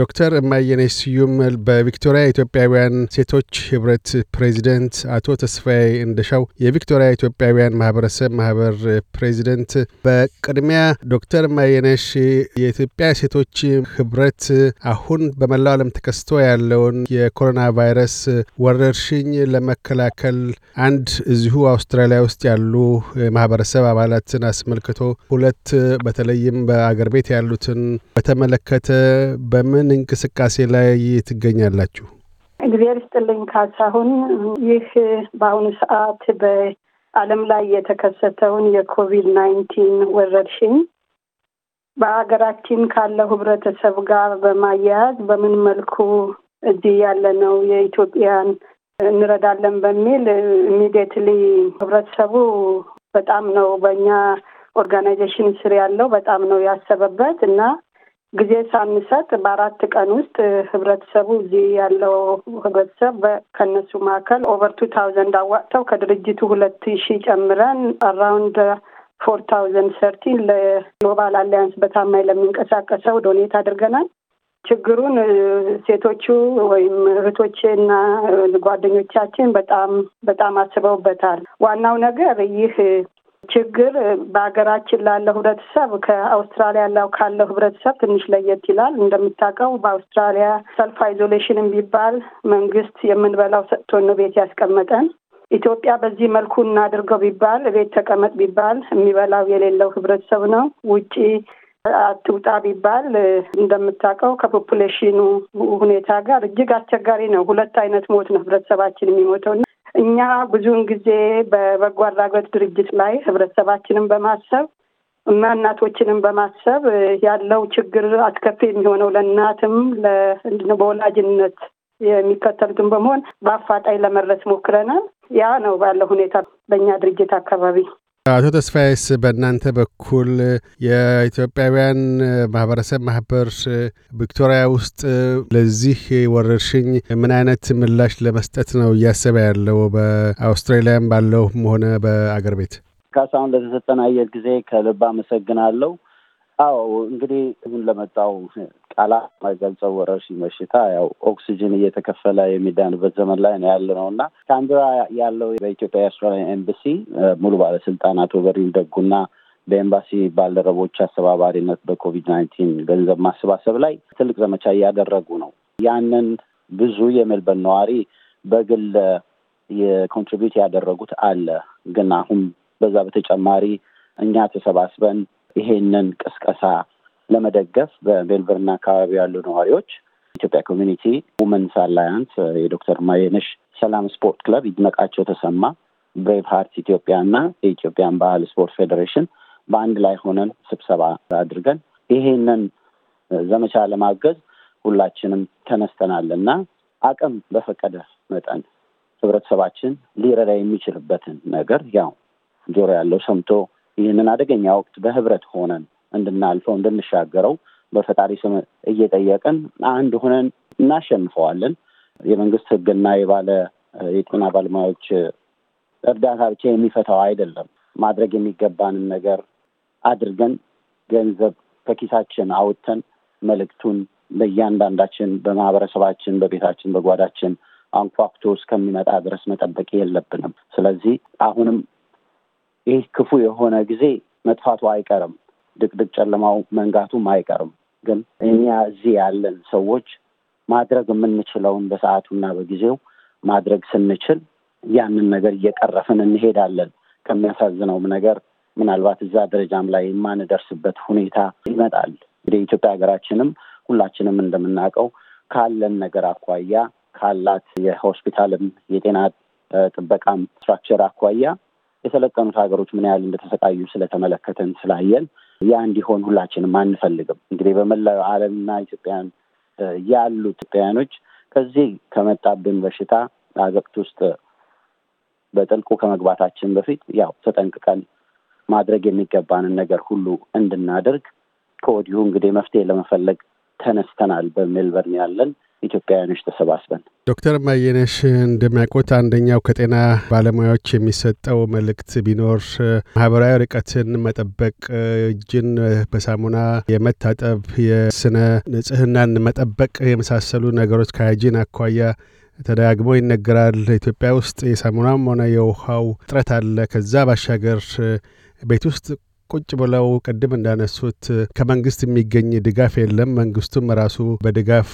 ዶክተር እማየነሽ ስዩም በቪክቶሪያ ኢትዮጵያውያን ሴቶች ህብረት ፕሬዚደንት፣ አቶ ተስፋዬ እንደሻው የቪክቶሪያ ኢትዮጵያውያን ማህበረሰብ ማህበር ፕሬዚደንት። በቅድሚያ ዶክተር እማየነሽ የኢትዮጵያ ሴቶች ህብረት አሁን በመላው ዓለም ተከስቶ ያለውን የኮሮና ቫይረስ ወረርሽኝ ለመከላከል አንድ እዚሁ አውስትራሊያ ውስጥ ያሉ የማህበረሰብ አባላትን አስመልክቶ፣ ሁለት በተለይም በአገር ቤት ያሉትን በተመለከተ በምን በምን እንቅስቃሴ ላይ ትገኛላችሁ? እግዚአብሔር ይስጥልኝ ካሳሁን። ይህ በአሁኑ ሰዓት በዓለም ላይ የተከሰተውን የኮቪድ ናይንቲን ወረርሽኝ በሀገራችን ካለው ህብረተሰብ ጋር በማያያዝ በምን መልኩ እዚህ ያለነው የኢትዮጵያን እንረዳለን በሚል ኢሚዲየትሊ ህብረተሰቡ በጣም ነው በእኛ ኦርጋናይዜሽን ስር ያለው በጣም ነው ያሰበበት እና ጊዜ ሳንሰጥ በአራት ቀን ውስጥ ህብረተሰቡ እዚህ ያለው ህብረተሰብ ከነሱ መካከል ኦቨር ቱ ታውዘንድ አዋጥተው ከድርጅቱ ሁለት ሺህ ጨምረን አራውንድ ፎር ታውዘንድ ሰርቲን ለግሎባል አሊያንስ በታማኝ ለሚንቀሳቀሰው ዶኔት አድርገናል። ችግሩን ሴቶቹ ወይም እህቶቼ እና ጓደኞቻችን በጣም በጣም አስበውበታል። ዋናው ነገር ይህ ችግር በሀገራችን ላለው ህብረተሰብ ከአውስትራሊያ ላው ካለው ህብረተሰብ ትንሽ ለየት ይላል። እንደምታውቀው በአውስትራሊያ ሰልፍ አይዞሌሽን የሚባል መንግስት የምንበላው ሰጥቶን ነው ቤት ያስቀመጠን። ኢትዮጵያ በዚህ መልኩ እናድርገው ቢባል ቤት ተቀመጥ ቢባል የሚበላው የሌለው ህብረተሰብ ነው። ውጪ አትውጣ ቢባል እንደምታውቀው ከፖፑሌሽኑ ሁኔታ ጋር እጅግ አስቸጋሪ ነው። ሁለት አይነት ሞት ነው ህብረተሰባችን የሚሞተው። እኛ ብዙውን ጊዜ በበጎ አድራጎት ድርጅት ላይ ህብረተሰባችንን በማሰብ እና እናቶችንም በማሰብ ያለው ችግር አስከፊ የሚሆነው ለእናትም በወላጅነት የሚከተሉትን በመሆን በአፋጣኝ ለመድረስ ሞክረናል። ያ ነው ባለው ሁኔታ በእኛ ድርጅት አካባቢ አቶ ተስፋዬስ በእናንተ በኩል የኢትዮጵያውያን ማህበረሰብ ማህበር ቪክቶሪያ ውስጥ ለዚህ ወረርሽኝ ምን አይነት ምላሽ ለመስጠት ነው እያሰበ ያለው? በአውስትራሊያም ባለውም ሆነ በአገር ቤት። ካሳሁን ለተሰጠን አየር ጊዜ ከልብ አመሰግናለሁ። አዎ እንግዲህ ለመጣው ቃላት የማይገልጸው ወረርሽኝ በሽታ ያው ኦክሲጅን እየተከፈለ የሚዳንበት ዘመን ላይ ነው ያለ ነው እና ካምቢራ ያለው በኢትዮጵያ የአውስትራሊያን ኤምባሲ ሙሉ ባለስልጣናት ወበሪን ደጉና በኤምባሲ ባልደረቦች አስተባባሪነት በኮቪድ ናይንቲን ገንዘብ ማሰባሰብ ላይ ትልቅ ዘመቻ እያደረጉ ነው። ያንን ብዙ የሜልበርን ነዋሪ በግል የኮንትሪቢዩት ያደረጉት አለ። ግን አሁን በዛ በተጨማሪ እኛ ተሰባስበን ይሄንን ቅስቀሳ ለመደገፍ በሜልበርን አካባቢ ያሉ ነዋሪዎች ኢትዮጵያ ኮሚኒቲ ውመንስ አላያንስ፣ የዶክተር ማየነሽ ሰላም ስፖርት ክለብ፣ ይድነቃቸው ተሰማ፣ ብሬቭ ሀርት ኢትዮጵያ እና የኢትዮጵያን ባህል ስፖርት ፌዴሬሽን በአንድ ላይ ሆነን ስብሰባ አድርገን ይሄንን ዘመቻ ለማገዝ ሁላችንም ተነስተናል እና አቅም በፈቀደ መጠን ህብረተሰባችን ሊረዳ የሚችልበትን ነገር ያው ጆሮ ያለው ሰምቶ ይህንን አደገኛ ወቅት በህብረት ሆነን እንድናልፈው እንድንሻገረው በፈጣሪ ስም እየጠየቅን አንድ ሆነን እናሸንፈዋለን። የመንግስት ህግና የባለ የጤና ባለሙያዎች እርዳታ ብቻ የሚፈታው አይደለም። ማድረግ የሚገባንን ነገር አድርገን ገንዘብ ከኪሳችን አውጥተን መልእክቱን በእያንዳንዳችን በማህበረሰባችን፣ በቤታችን፣ በጓዳችን አንኳኩቶ እስከሚመጣ ድረስ መጠበቅ የለብንም። ስለዚህ አሁንም ይህ ክፉ የሆነ ጊዜ መጥፋቱ አይቀርም። ድቅድቅ ጨለማው መንጋቱም አይቀርም። ግን እኛ እዚህ ያለን ሰዎች ማድረግ የምንችለውን በሰዓቱና በጊዜው ማድረግ ስንችል ያንን ነገር እየቀረፍን እንሄዳለን። ከሚያሳዝነውም ነገር ምናልባት እዛ ደረጃም ላይ የማንደርስበት ሁኔታ ይመጣል። እንግዲህ ኢትዮጵያ ሀገራችንም ሁላችንም እንደምናውቀው ካለን ነገር አኳያ ካላት የሆስፒታልም የጤና ጥበቃም ስትራክቸር አኳያ የሰለጠኑት ሀገሮች ምን ያህል እንደተሰቃዩ ስለተመለከተን ስላየን ያ እንዲሆን ሁላችንም አንፈልግም። እንግዲህ በመላው ዓለምና ኢትዮጵያን ያሉ ኢትዮጵያውያኖች ከዚህ ከመጣብን በሽታ አዘቅት ውስጥ በጥልቁ ከመግባታችን በፊት ያው ተጠንቅቀን ማድረግ የሚገባንን ነገር ሁሉ እንድናደርግ ከወዲሁ እንግዲህ መፍትሄ ለመፈለግ ተነስተናል በሜልበርን ያለን ኢትዮጵያውያኖች ተሰባስበን ዶክተር ማየነሽ እንደሚያውቁት አንደኛው ከጤና ባለሙያዎች የሚሰጠው መልእክት ቢኖር ማህበራዊ ርቀትን መጠበቅ፣ እጅን በሳሙና የመታጠብ፣ የስነ ንጽህናን መጠበቅ የመሳሰሉ ነገሮች ከሃይጂን አኳያ ተደጋግሞ ይነገራል። ኢትዮጵያ ውስጥ የሳሙናም ሆነ የውሃው እጥረት አለ። ከዛ ባሻገር ቤት ውስጥ ቁጭ ብለው ቅድም እንዳነሱት ከመንግስት የሚገኝ ድጋፍ የለም። መንግስቱም ራሱ በድጋፍ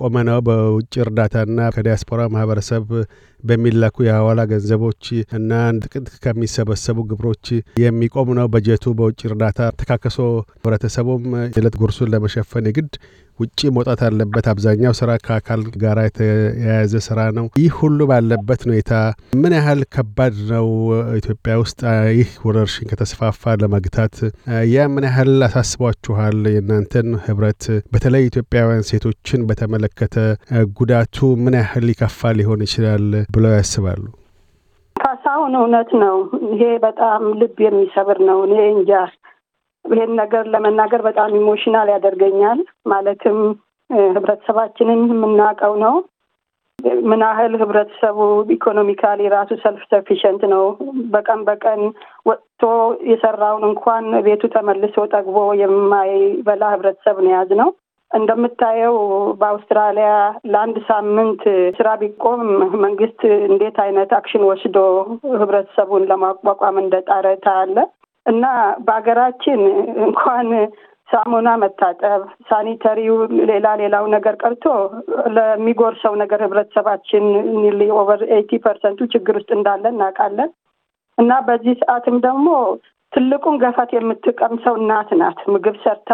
ቆመ ነው። በውጭ እርዳታና ከዲያስፖራ ማህበረሰብ በሚላኩ የሐዋላ ገንዘቦች እና ጥቅምት ከሚሰበሰቡ ግብሮች የሚቆም ነው። በጀቱ በውጭ እርዳታ ተካከሶ ህብረተሰቡም የዕለት ጉርሱን ለመሸፈን የግድ ውጭ መውጣት አለበት። አብዛኛው ስራ ከአካል ጋር የተያያዘ ስራ ነው። ይህ ሁሉ ባለበት ሁኔታ ምን ያህል ከባድ ነው ኢትዮጵያ ውስጥ ይህ ወረርሽኝ ከተስፋፋ ለመግታት? ያ ምን ያህል አሳስቧችኋል? የእናንተን ህብረት በተለይ ኢትዮጵያውያን ሴቶችን በተመለከተ ጉዳቱ ምን ያህል ይከፋ ሊሆን ይችላል? ብለው ያስባሉ? ካሳሁን እውነት ነው። ይሄ በጣም ልብ የሚሰብር ነው። እኔ እንጃ ይሄን ነገር ለመናገር በጣም ኢሞሽናል ያደርገኛል። ማለትም ህብረተሰባችንን የምናውቀው ነው ምን ያህል ህብረተሰቡ ኢኮኖሚካሊ ራሱ ሰልፍ ሰፊሸንት ነው። በቀን በቀን ወጥቶ የሰራውን እንኳን ቤቱ ተመልሶ ጠግቦ የማይበላ ህብረተሰብ ነው የያዝነው። እንደምታየው በአውስትራሊያ ለአንድ ሳምንት ስራ ቢቆም መንግስት እንዴት አይነት አክሽን ወስዶ ህብረተሰቡን ለማቋቋም እንደጣረ ታያለ እና በሀገራችን እንኳን ሳሙና መታጠብ፣ ሳኒተሪው፣ ሌላ ሌላው ነገር ቀርቶ ለሚጎርሰው ነገር ህብረተሰባችን ኒርሊ ኦቨር ኤይቲ ፐርሰንቱ ችግር ውስጥ እንዳለ እናውቃለን እና በዚህ ሰዓትም ደግሞ ትልቁን ገፈት የምትቀምሰው እናት ናት። ምግብ ሰርታ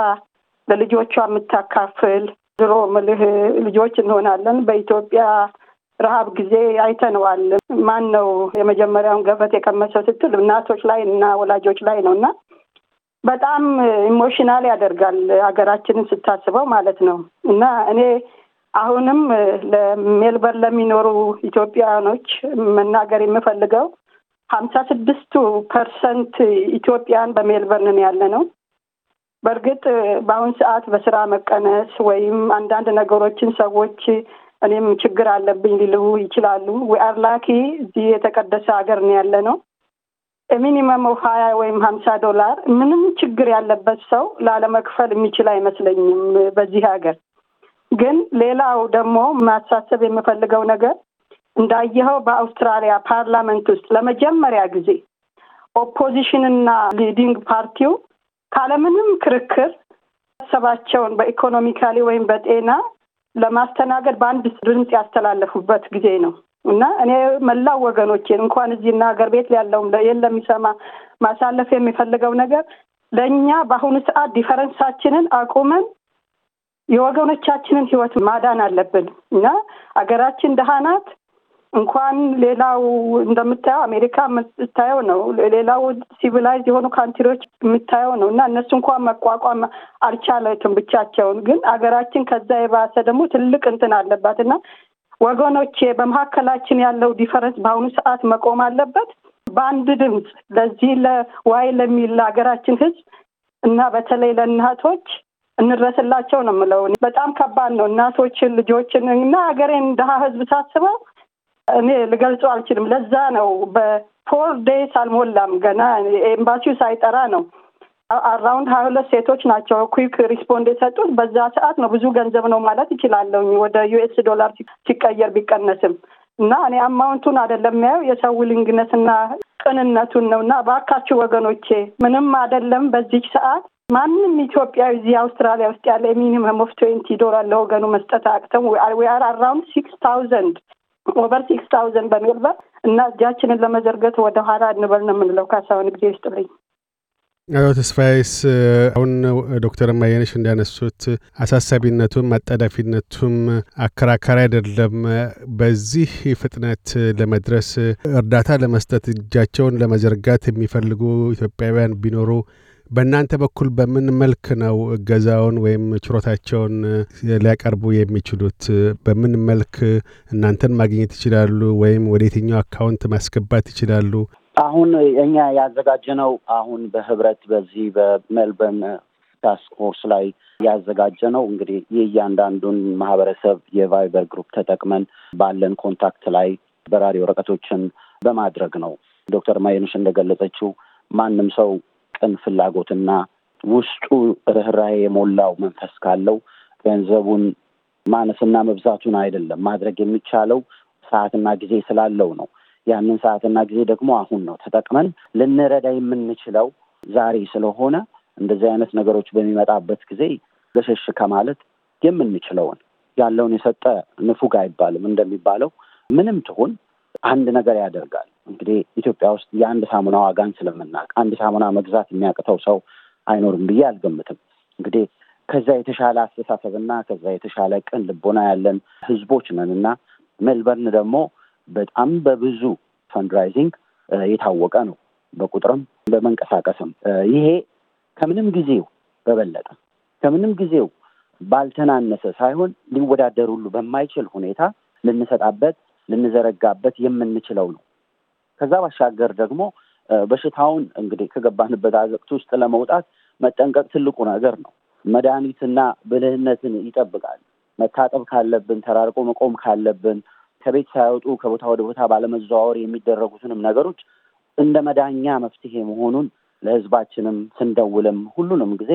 ለልጆቿ የምታካፍል ድሮ ምልህ ልጆች እንሆናለን በኢትዮጵያ ረሀብ ጊዜ አይተነዋል። ማን ነው የመጀመሪያውን ገፈት የቀመሰው ስትል እናቶች ላይ እና ወላጆች ላይ ነው እና በጣም ኢሞሽናል ያደርጋል ሀገራችንን ስታስበው ማለት ነው እና እኔ አሁንም ለሜልበርን ለሚኖሩ ኢትዮጵያኖች መናገር የምፈልገው ሀምሳ ስድስቱ ፐርሰንት ኢትዮጵያን በሜልበርን ያለ ነው። በእርግጥ በአሁን ሰዓት በስራ መቀነስ ወይም አንዳንድ ነገሮችን ሰዎች እኔም ችግር አለብኝ ሊልሁ ይችላሉ። ዊአር ላኪ እዚህ የተቀደሰ ሀገር ነው ያለ ነው። ሚኒመም ሀያ ወይም ሀምሳ ዶላር ምንም ችግር ያለበት ሰው ላለመክፈል የሚችል አይመስለኝም በዚህ ሀገር። ግን ሌላው ደግሞ ማሳሰብ የምፈልገው ነገር እንዳየኸው በአውስትራሊያ ፓርላመንት ውስጥ ለመጀመሪያ ጊዜ ኦፖዚሽንና ሊዲንግ ፓርቲው ካለምንም ክርክር ሰባቸውን በኢኮኖሚካሊ ወይም በጤና ለማስተናገድ በአንድ ድምፅ ያስተላለፉበት ጊዜ ነው እና እኔ መላው ወገኖቼን እንኳን እዚህና ሀገር ቤት ያለውም ለሚሰማ ማሳለፍ የሚፈልገው ነገር ለእኛ በአሁኑ ሰዓት ዲፈረንሳችንን አቁመን የወገኖቻችንን ህይወት ማዳን አለብን እና አገራችን ደህና ናት። እንኳን ሌላው እንደምታየው አሜሪካ የምታየው ነው። ሌላው ሲቪላይዝ የሆኑ ካንትሪዎች የምታየው ነው እና እነሱ እንኳን መቋቋም አልቻለትም ብቻቸውን። ግን አገራችን ከዛ የባሰ ደግሞ ትልቅ እንትን አለባት እና ወገኖቼ በመካከላችን ያለው ዲፈረንስ በአሁኑ ሰዓት መቆም አለበት። በአንድ ድምፅ ለዚህ ለዋይ ለሚል ለሀገራችን ህዝብ እና በተለይ ለእናቶች እንድረስላቸው ነው የምለው። በጣም ከባድ ነው እናቶችን፣ ልጆችን እና ሀገሬን ድሀ ህዝብ ሳስበው እኔ ልገልጸው አልችልም። ለዛ ነው በፎር ዴይስ አልሞላም ገና ኤምባሲው ሳይጠራ ነው አራውንድ ሀያ ሁለት ሴቶች ናቸው ኩዊክ ሪስፖንድ የሰጡት። በዛ ሰዓት ነው ብዙ ገንዘብ ነው ማለት ይችላለሁኝ ወደ ዩኤስ ዶላር ሲቀየር ቢቀነስም እና እኔ አማውንቱን አይደለም ያው የሰው ልንግነትና ቅንነቱን ነው። እና እባካችሁ ወገኖቼ ምንም አይደለም በዚች ሰዓት ማንም ኢትዮጵያዊ እዚህ አውስትራሊያ ውስጥ ያለ ሚኒመም ኦፍ ትዌንቲ ዶላር ለወገኑ መስጠት አቅተም አር አራውንድ ሲክስ ታውዘንድ ኦቨር ሲክስ ታውዘንድ በሜልበር እና እጃችንን ለመዘርገት ኋላ እንበል ነው የምንለው። ካሳሁን ጊዜ ይስጥልኝ። አቶ ተስፋዬስ አሁን ዶክተር ማየነሽ እንዳነሱት አሳሳቢነቱም አጣዳፊነቱም አከራካሪ አይደለም። በዚህ ፍጥነት ለመድረስ እርዳታ ለመስጠት እጃቸውን ለመዘርጋት የሚፈልጉ ኢትዮጵያውያን ቢኖሩ በእናንተ በኩል በምን መልክ ነው እገዛውን ወይም ችሮታቸውን ሊያቀርቡ የሚችሉት? በምን መልክ እናንተን ማግኘት ይችላሉ? ወይም ወደ የትኛው አካውንት ማስገባት ይችላሉ? አሁን እኛ ያዘጋጀነው አሁን በህብረት በዚህ በሜልበርን ታስክ ፎርስ ላይ ነው። እንግዲህ የእያንዳንዱን ማህበረሰብ የቫይበር ግሩፕ ተጠቅመን ባለን ኮንታክት ላይ በራሪ ወረቀቶችን በማድረግ ነው። ዶክተር ማየኖሽ እንደገለጸችው ማንም ሰው ቅን ፍላጎትና ውስጡ ርኅራሄ የሞላው መንፈስ ካለው ገንዘቡን ማነስና መብዛቱን አይደለም ማድረግ የሚቻለው ሰዓትና ጊዜ ስላለው ነው። ያንን ሰዓትና ጊዜ ደግሞ አሁን ነው ተጠቅመን ልንረዳ የምንችለው ዛሬ ስለሆነ እንደዚህ አይነት ነገሮች በሚመጣበት ጊዜ ገሸሽ ከማለት የምንችለውን ያለውን የሰጠ ንፉግ አይባልም እንደሚባለው ምንም ትሁን አንድ ነገር ያደርጋል። እንግዲህ ኢትዮጵያ ውስጥ የአንድ ሳሙና ዋጋን ስለምናውቅ አንድ ሳሙና መግዛት የሚያቅተው ሰው አይኖርም ብዬ አልገምትም። እንግዲህ ከዛ የተሻለ አስተሳሰብና ከዛ የተሻለ ቅን ልቦና ያለን ህዝቦች ነን እና ሜልበርን ደግሞ በጣም በብዙ ፈንድራይዚንግ የታወቀ ነው፣ በቁጥርም በመንቀሳቀስም። ይሄ ከምንም ጊዜው በበለጠ ከምንም ጊዜው ባልተናነሰ ሳይሆን ሊወዳደር ሁሉ በማይችል ሁኔታ ልንሰጣበት ልንዘረጋበት የምንችለው ነው። ከዛ ባሻገር ደግሞ በሽታውን እንግዲህ ከገባንበት አዘቅት ውስጥ ለመውጣት መጠንቀቅ ትልቁ ነገር ነው። መድኃኒትና ብልህነትን ይጠብቃል። መታጠብ ካለብን፣ ተራርቆ መቆም ካለብን፣ ከቤት ሳይወጡ ከቦታ ወደ ቦታ ባለመዘዋወር የሚደረጉትንም ነገሮች እንደ መዳኛ መፍትሄ መሆኑን ለህዝባችንም ስንደውልም ሁሉንም ጊዜ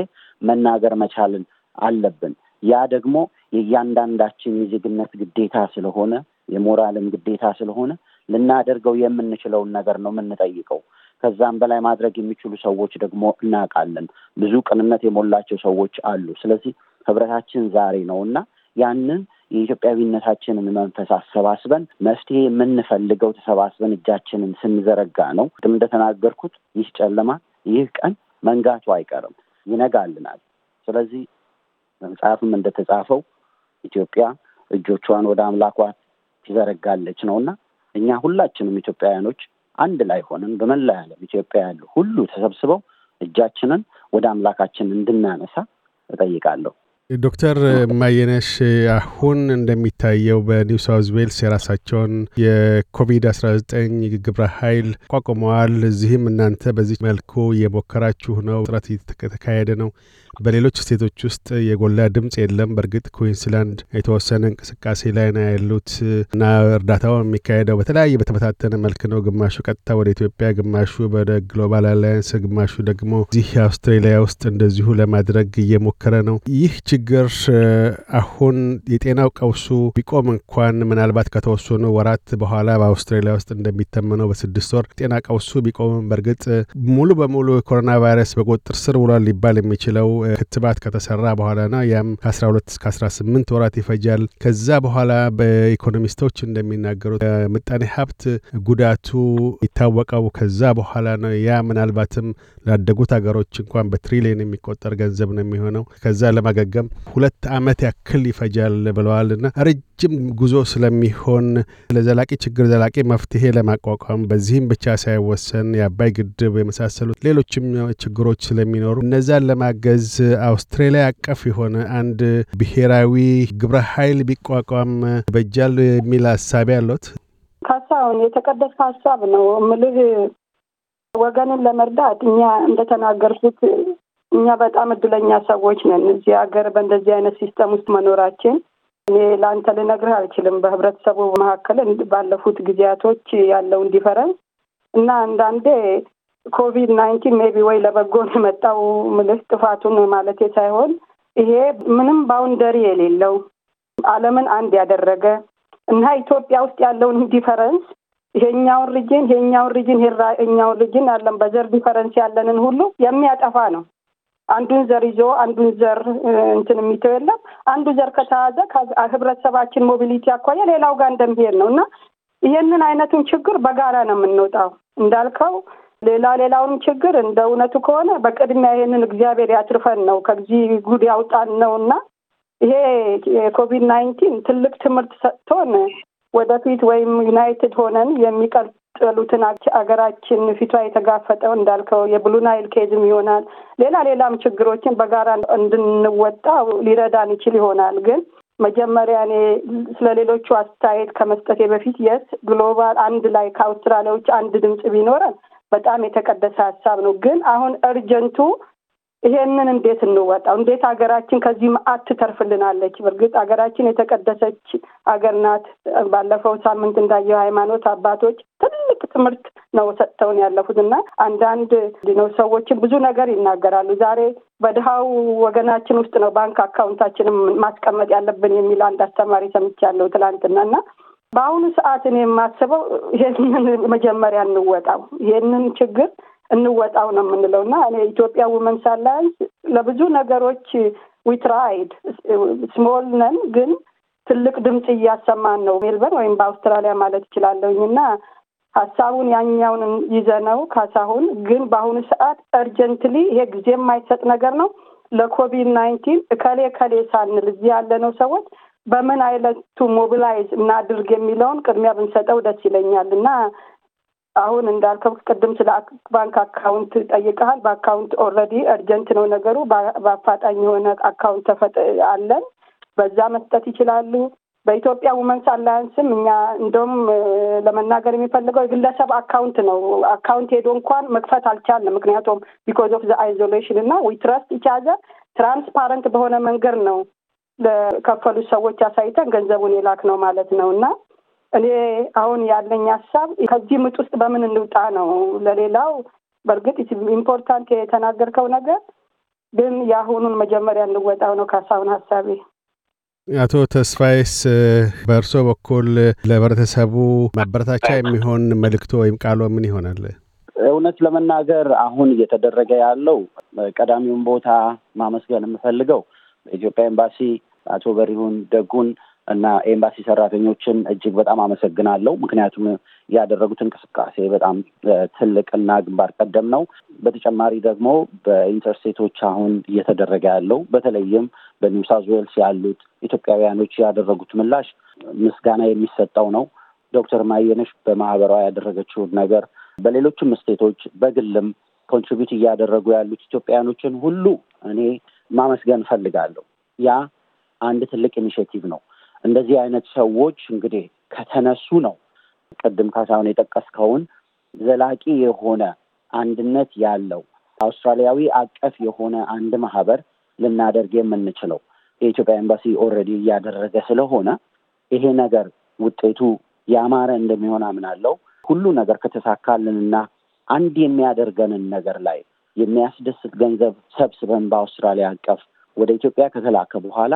መናገር መቻልን አለብን። ያ ደግሞ የእያንዳንዳችን የዜግነት ግዴታ ስለሆነ የሞራልም ግዴታ ስለሆነ ልናደርገው የምንችለውን ነገር ነው የምንጠይቀው። ከዛም በላይ ማድረግ የሚችሉ ሰዎች ደግሞ እናውቃለን። ብዙ ቅንነት የሞላቸው ሰዎች አሉ። ስለዚህ ህብረታችን ዛሬ ነው እና ያንን የኢትዮጵያዊነታችንን መንፈስ አሰባስበን መፍትሄ የምንፈልገው ተሰባስበን እጃችንን ስንዘረጋ ነው። ቅድም እንደተናገርኩት ይህ ጨለማ ይህ ቀን መንጋቱ አይቀርም ይነጋልናል። ስለዚህ በመጽሐፍም እንደተጻፈው ኢትዮጵያ እጆቿን ወደ አምላኳ ትዘረጋለች ነው እና እኛ ሁላችንም ኢትዮጵያውያኖች አንድ ላይ ሆነን በመላ ዓለም ኢትዮጵያ ያሉ ሁሉ ተሰብስበው እጃችንን ወደ አምላካችን እንድናነሳ እጠይቃለሁ። ዶክተር ማየነሽ አሁን እንደሚታየው በኒው ሳውዝ ዌልስ የራሳቸውን የኮቪድ-19 ግብረ ኃይል ቋቁመዋል። እዚህም እናንተ በዚህ መልኩ እየሞከራችሁ ነው፣ ጥረት እየተካሄደ ነው። በሌሎች ስቴቶች ውስጥ የጎላ ድምፅ የለም። በእርግጥ ኩዊንስላንድ የተወሰነ እንቅስቃሴ ላይ ነው ያሉት እና እርዳታው የሚካሄደው በተለያየ በተበታተነ መልክ ነው። ግማሹ ቀጥታ ወደ ኢትዮጵያ፣ ግማሹ ወደ ግሎባል አላያንስ፣ ግማሹ ደግሞ እዚህ አውስትሬሊያ ውስጥ እንደዚሁ ለማድረግ እየሞከረ ነው። ይህ ችግር አሁን የጤናው ቀውሱ ቢቆም እንኳን ምናልባት ከተወሰኑ ወራት በኋላ በአውስትራሊያ ውስጥ እንደሚተመነው በስድስት ወር ጤና ቀውሱ ቢቆምም በእርግጥ ሙሉ በሙሉ የኮሮና ቫይረስ በቁጥጥር ስር ውሏል ሊባል የሚችለው ክትባት ከተሰራ ና ያም ከ12 እስከ 18 ወራት ይፈጃል። ከዛ በኋላ በኢኮኖሚስቶች እንደሚናገሩት ምጣኔ ሀብት ጉዳቱ ይታወቀው ከዛ በኋላ ነው። ያ ምናልባትም ላደጉት ሀገሮች እንኳን በትሪሊየን የሚቆጠር ገንዘብ ነው የሚሆነው ከዛ ለማገገም ለመገምገም ሁለት ዓመት ያክል ይፈጃል ብለዋል እና ረጅም ጉዞ ስለሚሆን ለዘላቂ ችግር ዘላቂ መፍትሄ ለማቋቋም በዚህም ብቻ ሳይወሰን የአባይ ግድብ የመሳሰሉት ሌሎችም ችግሮች ስለሚኖሩ እነዛን ለማገዝ አውስትራሊያ አቀፍ የሆነ አንድ ብሔራዊ ግብረ ኃይል ቢቋቋም ይበጃል የሚል ሀሳቢ አለት። ካሳሁን የተቀደሰ ሀሳብ ነው ምልህ ወገንን ለመርዳት እኛ እንደተናገርኩት እኛ በጣም እድለኛ ሰዎች ነን። እዚህ ሀገር በእንደዚህ አይነት ሲስተም ውስጥ መኖራችን እኔ ለአንተ ልነግርህ አልችልም። በህብረተሰቡ መካከል ባለፉት ጊዜያቶች ያለውን ዲፈረንስ እና አንዳንዴ ኮቪድ ናይንቲን ሜቢ ወይ ለበጎ የመጣው ምልህ ጥፋቱን ማለት ሳይሆን ይሄ ምንም ባውንደሪ የሌለው ዓለምን አንድ ያደረገ እና ኢትዮጵያ ውስጥ ያለውን ዲፈረንስ ይሄኛውን ሪጅን ይሄኛውን ሪጅን ይሄኛውን ሪጅን አለን በዘር ዲፈረንስ ያለንን ሁሉ የሚያጠፋ ነው። አንዱን ዘር ይዞ አንዱን ዘር እንትን የሚተው የለም። አንዱ ዘር ከተያዘ ህብረተሰባችን ሞቢሊቲ አኳያ ሌላው ጋር እንደሚሄድ ነው እና ይህንን አይነቱን ችግር በጋራ ነው የምንወጣው እንዳልከው ሌላ ሌላውን ችግር እንደ እውነቱ ከሆነ በቅድሚያ ይሄንን እግዚአብሔር ያትርፈን ነው ከዚህ ጉድ ያውጣን ነው እና ይሄ የኮቪድ ናይንቲን ትልቅ ትምህርት ሰጥቶን ወደፊት ወይም ዩናይትድ ሆነን የሚቀር የሚቀጥሉትን አገራችን ፊቷ የተጋፈጠው እንዳልከው የብሉ ናይል ኬዝም ይሆናል። ሌላ ሌላም ችግሮችን በጋራ እንድንወጣ ሊረዳን ይችል ይሆናል። ግን መጀመሪያ እኔ ስለ ሌሎቹ አስተያየት ከመስጠቴ በፊት የስ ግሎባል አንድ ላይ ከአውስትራሊያዎች አንድ ድምፅ ቢኖረን በጣም የተቀደሰ ሀሳብ ነው። ግን አሁን እርጀንቱ ይሄንን እንዴት እንወጣው? እንዴት ሀገራችን ከዚህ መዓት ትተርፍልናለች? በእርግጥ ሀገራችን የተቀደሰች ሀገር ናት። ባለፈው ሳምንት እንዳየው ሃይማኖት አባቶች ትልቅ ትምህርት ነው ሰጥተውን ያለፉት እና አንዳንድ ነው ሰዎችን ብዙ ነገር ይናገራሉ። ዛሬ በድሃው ወገናችን ውስጥ ነው ባንክ አካውንታችንም ማስቀመጥ ያለብን የሚል አንድ አስተማሪ ሰምቻለሁ ትላንትና እና በአሁኑ ሰዓት እኔ የማስበው ይሄንን መጀመሪያ እንወጣው ይሄንን ችግር እንወጣው ነው የምንለው እና እኔ ኢትዮጵያ ውመንስ አላያንስ ለብዙ ነገሮች ዊትራይድ ስሞል ነን ግን ትልቅ ድምፅ እያሰማን ነው። ሜልበርን ወይም በአውስትራሊያ ማለት እችላለሁኝ እና ሀሳቡን ያኛውን ይዘነው ካሳሁን ግን በአሁኑ ሰዓት እርጀንትሊ ይሄ ጊዜ የማይሰጥ ነገር ነው። ለኮቪድ ናይንቲን እከሌ እከሌ ሳንል እዚህ ያለነው ሰዎች በምን አይነቱ ሞቢላይዝ እናድርግ የሚለውን ቅድሚያ ብንሰጠው ደስ ይለኛል እና አሁን እንዳልከው ቅድም ስለ ባንክ አካውንት ጠይቀሃል። በአካውንት ኦልሬዲ እርጀንት ነው ነገሩ። በአፋጣኝ የሆነ አካውንት ተፈጥ አለን በዛ መስጠት ይችላሉ። በኢትዮጵያ ውመንስ አላያንስም እኛ እንደውም ለመናገር የሚፈልገው የግለሰብ አካውንት ነው። አካውንት ሄዶ እንኳን መክፈት አልቻለም ምክንያቱም ቢኮዝ ኦፍ ዘ አይዞሌሽን እና ዊ ትረስት ይቻዘ ትራንስፓረንት በሆነ መንገድ ነው ለከፈሉት ሰዎች አሳይተን ገንዘቡን የላክ ነው ማለት ነው እና እኔ አሁን ያለኝ ሀሳብ ከዚህ ምጥ ውስጥ በምን እንውጣ ነው። ለሌላው በእርግጥ ኢምፖርታንት የተናገርከው ነገር ግን የአሁኑን መጀመሪያ እንወጣው ነው ካሳሁን ሀሳቤ። አቶ ተስፋይስ በእርሶ በኩል ለህብረተሰቡ ማበረታቻ የሚሆን መልእክቶ ወይም ቃሎ ምን ይሆናል? እውነት ለመናገር አሁን እየተደረገ ያለው ቀዳሚውን ቦታ ማመስገን የምፈልገው ኢትዮጵያ ኤምባሲ አቶ በሪሁን ደጉን እና ኤምባሲ ሰራተኞችን እጅግ በጣም አመሰግናለሁ። ምክንያቱም ያደረጉት እንቅስቃሴ በጣም ትልቅና ግንባር ቀደም ነው። በተጨማሪ ደግሞ በኢንተርስቴቶች አሁን እየተደረገ ያለው በተለይም በኒው ሳውዝ ዌልስ ያሉት ኢትዮጵያውያኖች ያደረጉት ምላሽ ምስጋና የሚሰጠው ነው። ዶክተር ማየነሽ በማህበሯ ያደረገችውን ነገር በሌሎችም ስቴቶች በግልም ኮንትሪቢዩት እያደረጉ ያሉት ኢትዮጵያውያኖችን ሁሉ እኔ ማመስገን እፈልጋለሁ። ያ አንድ ትልቅ ኢኒሽቲቭ ነው። እንደዚህ አይነት ሰዎች እንግዲህ ከተነሱ ነው ቅድም ካሳሁን የጠቀስከውን ዘላቂ የሆነ አንድነት ያለው አውስትራሊያዊ አቀፍ የሆነ አንድ ማህበር ልናደርግ የምንችለው የኢትዮጵያ ኤምባሲ ኦረዲ እያደረገ ስለሆነ ይሄ ነገር ውጤቱ ያማረ እንደሚሆን አምናለው። ሁሉ ነገር ከተሳካልንና አንድ የሚያደርገንን ነገር ላይ የሚያስደስት ገንዘብ ሰብስበን በአውስትራሊያ አቀፍ ወደ ኢትዮጵያ ከተላከ በኋላ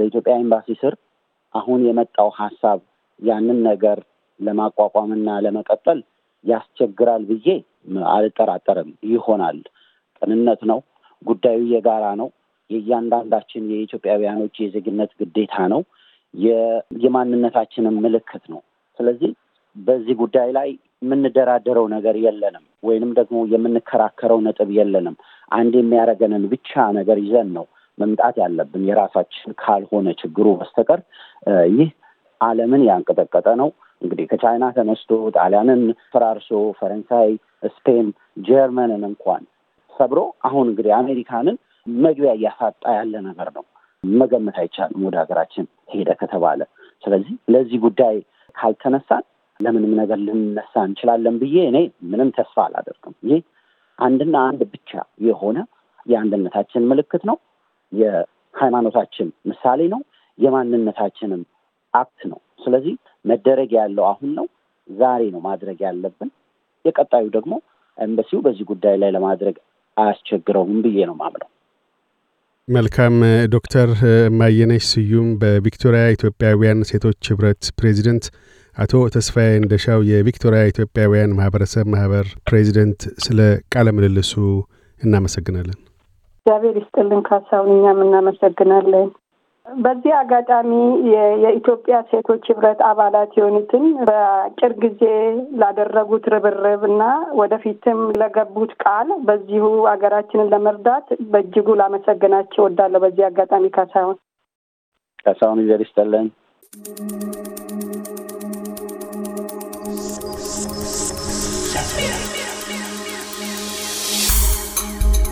በኢትዮጵያ ኤምባሲ ስር አሁን የመጣው ሀሳብ ያንን ነገር ለማቋቋምና ለመቀጠል ያስቸግራል ብዬ አልጠራጠርም። ይሆናል። ቅንነት ነው። ጉዳዩ የጋራ ነው። የእያንዳንዳችን የኢትዮጵያውያኖች የዜግነት ግዴታ ነው። የማንነታችንም ምልክት ነው። ስለዚህ በዚህ ጉዳይ ላይ የምንደራደረው ነገር የለንም፣ ወይንም ደግሞ የምንከራከረው ነጥብ የለንም። አንድ የሚያደርገንን ብቻ ነገር ይዘን ነው መምጣት ያለብን የራሳችን ካልሆነ ችግሩ በስተቀር ይህ ዓለምን ያንቀጠቀጠ ነው። እንግዲህ ከቻይና ተነስቶ ጣሊያንን ፈራርሶ ፈረንሳይ፣ ስፔን፣ ጀርመንን እንኳን ሰብሮ አሁን እንግዲህ አሜሪካንን መግቢያ እያሳጣ ያለ ነገር ነው። መገመት አይቻልም ወደ ሀገራችን ሄደ ከተባለ። ስለዚህ ለዚህ ጉዳይ ካልተነሳን ለምንም ነገር ልንነሳ እንችላለን ብዬ እኔ ምንም ተስፋ አላደርግም። ይህ አንድና አንድ ብቻ የሆነ የአንድነታችን ምልክት ነው። የሃይማኖታችን ምሳሌ ነው፣ የማንነታችንም አክት ነው። ስለዚህ መደረግ ያለው አሁን ነው፣ ዛሬ ነው ማድረግ ያለብን። የቀጣዩ ደግሞ ኤምበሲው በዚህ ጉዳይ ላይ ለማድረግ አያስቸግረውም ብዬ ነው ማምነው። መልካም ዶክተር ማየነሽ ስዩም በቪክቶሪያ ኢትዮጵያውያን ሴቶች ህብረት ፕሬዚደንት፣ አቶ ተስፋዬ እንደሻው የቪክቶሪያ ኢትዮጵያውያን ማህበረሰብ ማህበር ፕሬዚደንት፣ ስለ ቃለ ምልልሱ እናመሰግናለን። እግዚአብሔር ይስጥልን ካሳሁን፣ እኛም እናመሰግናለን። በዚህ አጋጣሚ የኢትዮጵያ ሴቶች ህብረት አባላት የሆኑትን በአጭር ጊዜ ላደረጉት ርብርብ እና ወደፊትም ለገቡት ቃል በዚሁ ሀገራችንን ለመርዳት በእጅጉ ላመሰግናቸው እወዳለሁ። በዚህ አጋጣሚ ካሳሁን ካሳሁን እግዚአብሔር ይስጥልን።